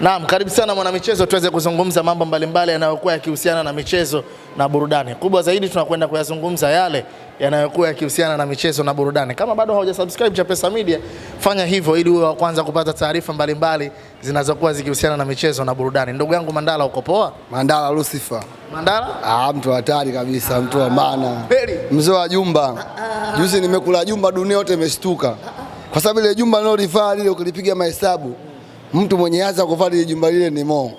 Naam, karibu sana mwanamichezo, tuweze kuzungumza mambo mbalimbali yanayokuwa yakihusiana na michezo na burudani. Kubwa zaidi tunakwenda kuyazungumza yale yanayokuwa yakihusiana na michezo na burudani. Kama bado haujasubscribe Chapesa Media, fanya hivyo ili uwe wa kwanza kupata taarifa mbalimbali zinazokuwa zikihusiana na michezo na burudani. Ndugu yangu Mandala, uko poa? Mandala Lucifer. Mandala? Ah, mtu hatari kabisa, mtu wa maana. Mzee wa jumba. Juzi nimekula jumba, dunia yote imeshtuka. Kwa sababu ile jumba nilolifaa lile ukilipiga mahesabu mtu mwenye aza kuvaa ile jumba lile ni Mo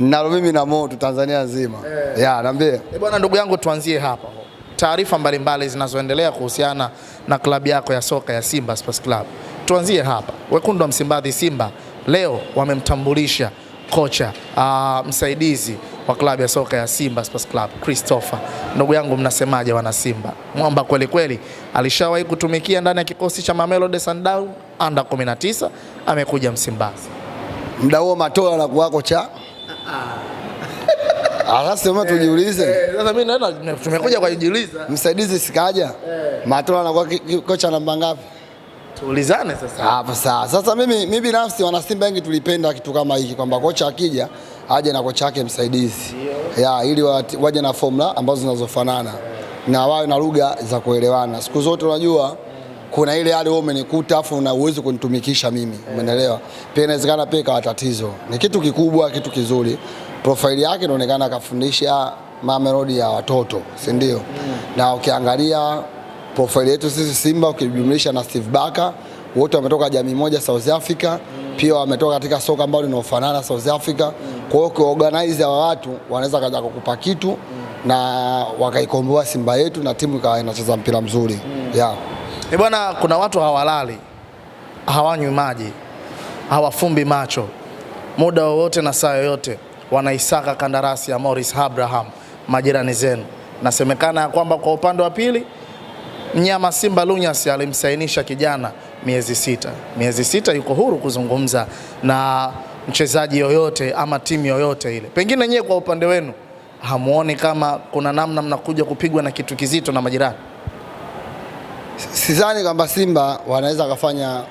nalo mimi na Mo tu Tanzania nzima eh. ya naambia Eh, bwana, ndugu yangu, tuanzie hapa taarifa mbalimbali zinazoendelea kuhusiana na klabu yako ya soka ya Simba Sports Club. Tuanzie hapa, wekundu wa Msimbazi Simba leo wamemtambulisha kocha uh, msaidizi wa klabu ya soka ya Simba Sports Club Christopher. Ndugu yangu, mnasemaje wana Simba? Mwamba kweli kweli, alishawahi kutumikia ndani ya kikosi cha Mamelodi Sundowns under 19, amekuja Msimbazi mda huo Matola anakuwako cha sasa tujiulize. Eh, eh, sasa mimi naona tumekuja kwa kujiuliza. Msaidizi sikaja. Eh. Matola anakuwa kocha namba ngapi? Tuulizane sasa. Hapo sawa. Sasa mimi mimi binafsi wana Simba wengi tulipenda kitu kama hiki kwamba kocha akija aje na kocha wake msaidizi. Ya ili waje na formula ambazo zinazofanana na wawe na lugha za kuelewana. Siku zote unajua kuna ile hali wewe umenikuta afu na uwezo kunitumikisha mimi, eh. umeelewa? Pia inawezekana pia ikawa tatizo. Ni kitu kikubwa, kitu kizuri. Profile yake inaonekana akafundisha Mamelodi ya watoto, si ndio? Hmm. Na ukiangalia profile yetu sisi Simba ukijumlisha na Steve Baka wote wametoka jamii moja South Africa, mm. pia wametoka katika soka ambalo linaofanana South Africa. Mm. Kwa hiyo ukiorganize wa watu wanaweza kaja kukupa kitu mm. na wakaikomboa Simba yetu na timu ikawa inacheza mpira mzuri mm. yeah. E bwana, kuna watu hawalali, hawanywi maji, hawafumbi macho, muda wowote na saa yoyote wanaisaka kandarasi ya Morris Abraham. Majirani zenu, nasemekana ya kwamba kwa upande wa pili mnyama Simba Lunyas alimsainisha kijana miezi sita. Miezi sita yuko huru kuzungumza na mchezaji yoyote ama timu yoyote ile. Pengine nyewe kwa upande wenu hamuoni kama kuna namna mnakuja kupigwa na kitu kizito na majirani? sidhani kwamba Simba wanaweza wakafanya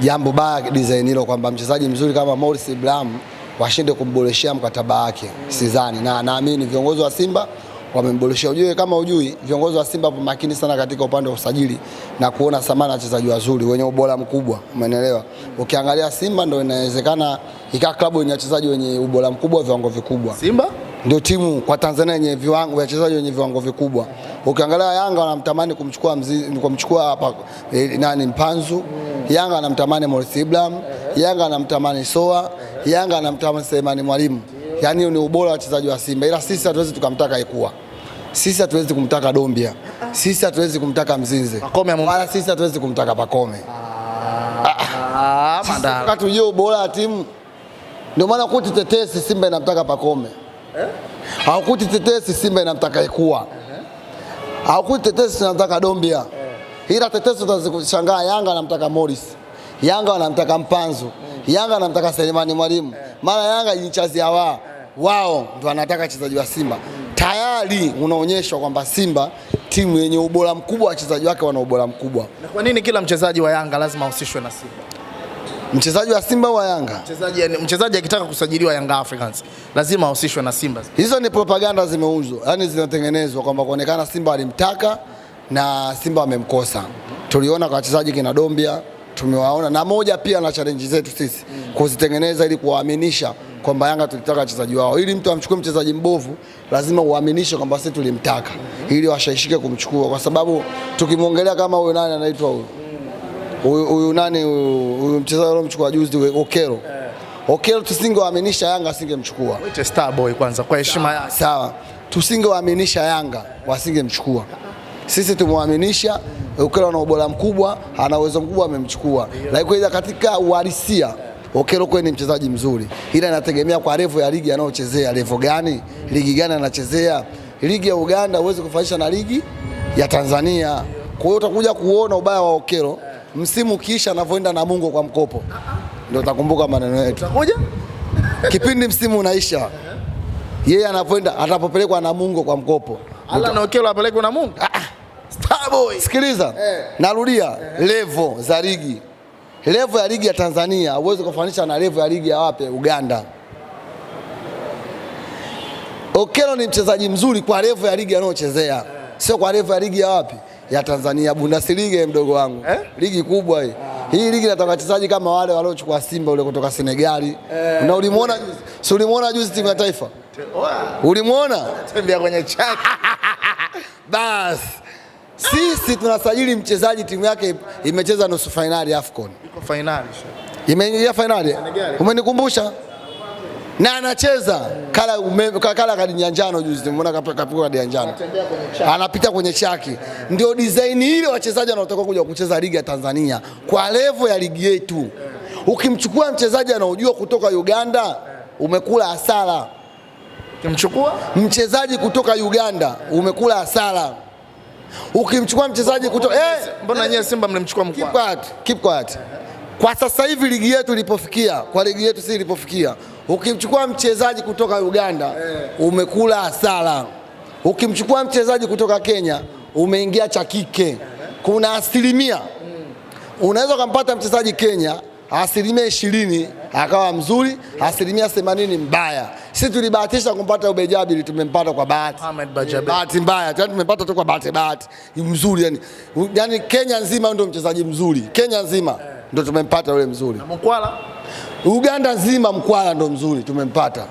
jambo baya design hilo, kwamba mchezaji mzuri kama Morris Ibrahim washinde kumboreshea mkataba wake, sidhani, na naamini viongozi wa Simba wamemboreshea. Ujue kama ujui, viongozi wa Simba wapo makini sana katika upande wa usajili na kuona samana wachezaji wazuri wenye ubora mkubwa, umeelewa? Ukiangalia Simba ndio inawezekana ikaa klabu yenye wachezaji wenye ubora mkubwa, viwango vikubwa Simba ndio timu kwa Tanzania yenye viwango vya wachezaji wenye viwango vikubwa. Ukiangalia Yanga wanamtamani kumchukua mzizi, kumchukua hapa eh, nani Mpanzu mm. Yanga wanamtamani Morris Ibrahim uh -huh. Yanga wanamtamani Soa uh -huh. Yanga wanamtamani Selemani Mwalimu yeah. Yaani ni ubora wa wachezaji wa Simba, ila sisi hatuwezi tukamtaka Ikua, sisi hatuwezi kumtaka Dombia, sisi hatuwezi kumtaka Mzinze wala sisi hatuwezi kumtaka Pakome ah, ah, ah, katujua ubora wa timu, ndio maana kuti tetesi Simba inamtaka Pakome eh? Haukuti tetesi Simba inamtaka Ikua uh -huh. tetesi inamtaka Dombia uh -huh. Ila tetesi utazikushangaa, Yanga anamtaka Morris, Yanga anamtaka Mpanzu uh -huh. Yanga anamtaka Selemani Mwalimu uh -huh. Mara Yanga jinchazi ya wao uh -huh. Wao ndio anataka wachezaji wa Simba uh -huh. Tayari unaonyeshwa kwamba Simba timu yenye ubora mkubwa, wachezaji wake wana ubora mkubwa. Na kwa nini kila mchezaji wa Yanga lazima ahusishwe na Simba? mchezaji wa Simba wa Yanga, mchezaji akitaka kusajiliwa Yanga Africans lazima ahusishwe na Simba. Hizo ni propaganda zimeuzwa, yani zinatengenezwa kwamba kuonekana Simba walimtaka na Simba wamemkosa. Tuliona kwa wachezaji kina Dombia tumewaona na moja pia na challenge zetu sisi mm. kuzitengeneza ili kuwaaminisha kwamba Yanga tulitaka wachezaji wao, ili mtu amchukue mchezaji mbovu lazima uaminishe kwamba sisi tulimtaka mm -hmm. ili washaishike kumchukua, kwa sababu tukimwongelea kama huyo nani anaitwa huyo huyu nani huyu mchezaji alomchukua juzi Okero eh. Okero tusingewaaminisha Yanga asingemchukua. Waite star boy kwanza kwa heshima yake. Sawa. Tusingewaaminisha Yanga wasingemchukua. Sisi tumwaaminisha Okero ana ubora mkubwa, ana uwezo mkubwa amemchukua. Lakini kwa katika uhalisia Okero kweli ni mchezaji mzuri. Ila inategemea kwa level ya ligi anayochezea, level gani? Ligi gani anachezea? Ligi ya Uganda huwezi kufanisha na ligi ya Tanzania. Kwa hiyo utakuja kuona ubaya wa Okero msimu ukiisha anavyoenda na Mungu kwa mkopo, ndio utakumbuka maneno yetu. Utakuja kipindi msimu unaisha, yeye anavyoenda atapopelekwa na Mungu kwa mkopo, apelekwa na Mungu. Ah, ah. Starboy, sikiliza eh. narudia eh. levo za ligi, levo ya ligi ya Tanzania uweze kufanisha na levo ya ligi ya wapi Uganda. Okelo ni mchezaji mzuri kwa levo ya ligi anayochezea, sio kwa levo ya ligi ya wapi ya Tanzania Bundesliga, mdogo wangu eh? Ligi kubwa hii ah. Hii ligi inataka wachezaji kama wale waliochukua Simba ule kutoka Senegali eh. Na ulimuona juzi, si ulimuona juzi timu ya taifa ulimuona tembea kwenye chaki bas sisi tunasajili mchezaji timu yake imecheza nusu fainali AFCON. Iko fainali. Imeingia fainali. Umenikumbusha na anacheza kala kala kadi ya njano juzi, umeona kapiga kadi ya njano, anapita kwenye chaki. Ndio design ile wachezaji wanaotoka kuja kucheza ligi ya Tanzania kwa level ya ligi yetu. Ukimchukua mchezaji anaojua kutoka Uganda umekula hasara, ukimchukua mchezaji kutoka Uganda umekula hasara, ukimchukua mchezaji kutoka eh, mbona nyewe Simba mlimchukua mkwa? Keep quiet, keep quiet. Kwa sasa hivi ligi yetu ilipofikia, kwa ligi yetu si ilipofikia Ukimchukua mchezaji kutoka Uganda eh. umekula hasara, ukimchukua mchezaji kutoka Kenya umeingia cha kike. Kuna asilimia hmm. unaweza ukampata mchezaji Kenya asilimia ishirini akawa mzuri, asilimia themanini mbaya. Sisi tulibahatisha kumpata Ubejabili, tumempata kwa bahati bahati mbaya, tumempata tu kwa bahati bahati mzuri yani. Yani Kenya nzima ndio mchezaji mzuri, Kenya nzima eh. ndio tumempata yule mzuri Mkwala Uganda nzima mkwala ndo mzuri tumempata,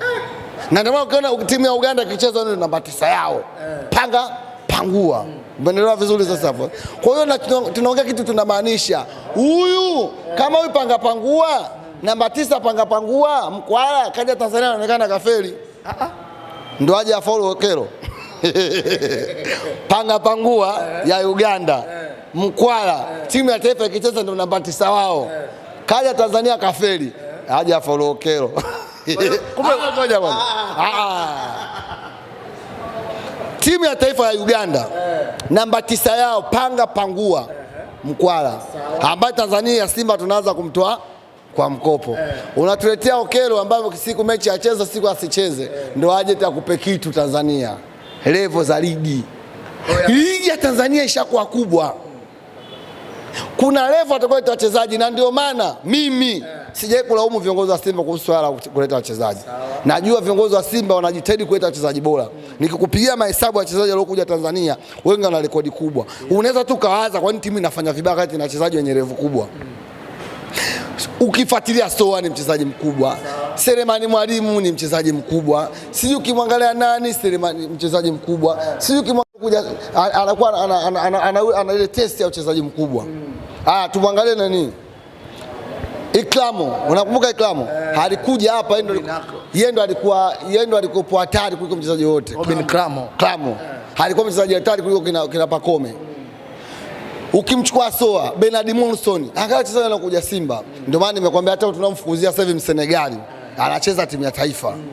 na ndio maana ukiona timu ya Uganda ikicheza ndio namba tisa yao panga pangua, umeelewa vizuri sasa hapo. Kwa hiyo tunaongea kitu tunamaanisha, huyu kama huyu panga pangua namba tisa panga pangua mkwala kaja Tanzania anaonekana kafeli, ndo aje afaulu kero panga pangua ya Uganda mkwala, timu ya taifa ikicheza ndio namba tisa wao, kaja Tanzania kafeli haja afolokero ngoja bwana timu ya taifa ya Uganda eh. namba tisa yao panga pangua eh. Mkwala ambaye Tanzania Simba tunaanza kumtoa kwa mkopo eh. Unatuletea Okelo ambayo siku mechi acheza siku asicheze eh. Ndo aje takupe kitu Tanzania, levo za ligi oh, ligi ya Tanzania ishakuwa kubwa, kuna levo atakuwa wachezaji, na ndio maana mimi eh sijai kulaumu viongozi wa Simba kuhusu swala kuleta wachezaji. Najua viongozi wa Simba wanajitahidi kuleta wachezaji bora. Nikikupigia mahesabu ya wachezaji waliokuja Tanzania, wengi wana rekodi kubwa. Unaweza tu kawaza kwa nini timu inafanya vibaya kati na wachezaji wenye revu kubwa. Ukifuatilia Soa ni mchezaji mkubwa, Selemani Mwalimu ni mchezaji mkubwa, sijui ukimwangalia nani, Selemani mchezaji mkubwa, sijui ukimwangalia anakuwa ana ile test ya uchezaji mkubwa. Ah, tumwangalie nani? Iklamu, unakumbuka Iklamu? Eh, alikuja hapa yeye ndo yeye ndo alikuwa yeye ndo alikuwa hatari kuliko mchezaji wote. Robin Kramo. Kramo. Eh. Alikuwa mchezaji hatari kuliko kina, kina Pakome. Mm. Ukimchukua Soa, Bernard Monson, angalia mchezaji anakuja Simba. Mm. Ndio maana nimekuambia hata tunamfukuzia sasa hivi Senegal. Mm. Anacheza timu ya taifa. Mm.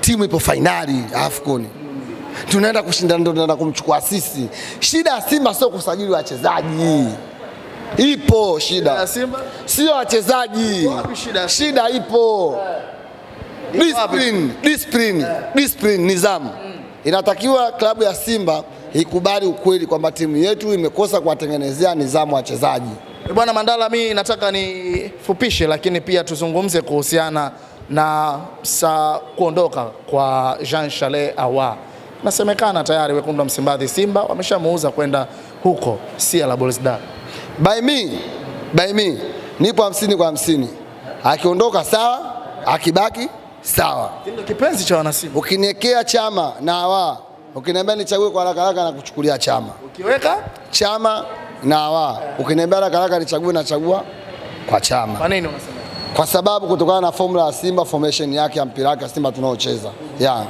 Timu ipo fainali AFCON. Mm. Tunaenda kushinda, ndio tunaenda kumchukua sisi. Shida ya Simba sio kusajili wachezaji. Mm. Ipo shida, sio wachezaji, shida ipo. Eh. Discipline, discipline, discipline, nidhamu. Hmm. Inatakiwa klabu ya Simba ikubali ukweli kwamba timu yetu imekosa kuwatengenezea nizamu wachezaji. Eh, bwana Mandala, mi nataka nifupishe, lakini pia tuzungumze kuhusiana na sa kuondoka kwa Jean Charles Ahoua. Nasemekana tayari wekundu wa Msimbazi Simba wameshamuuza kwenda huko si Al by me, by me nipo hamsini kwa hamsini. Akiondoka sawa, akibaki sawa. Ndio kipenzi cha wanasimba. Ukiniwekea chama na wa ukiniambia nichague kwa haraka haraka na kuchukulia chama, ukiweka chama na wa ukiniambia haraka haraka nichague, nachagua kwa chama. Kwa nini unasema? Kwa sababu kutokana na formula ya Simba, formation yake ya mpira wake Simba tunaocheza. Yeah.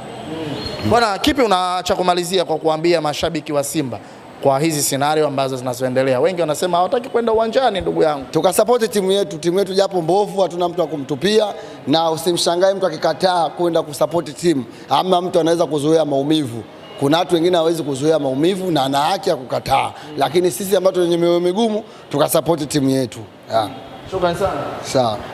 Bwana, kipi una cha kumalizia kwa kuambia mashabiki wa Simba kwa hizi scenario ambazo zinazoendelea. Wengi wanasema hawataki kwenda uwanjani. Ndugu yangu, tukasapoti timu yetu. Timu yetu japo mbovu, hatuna mtu wa kumtupia, na usimshangae mtu akikataa kwenda kusapoti timu. Ama mtu anaweza kuzoea maumivu kuna watu wengine hawawezi kuzuia maumivu na ana haki ya kukataa, lakini sisi ambao wenye mioyo migumu tukasapoti timu yetu. Shukrani sana. Sawa.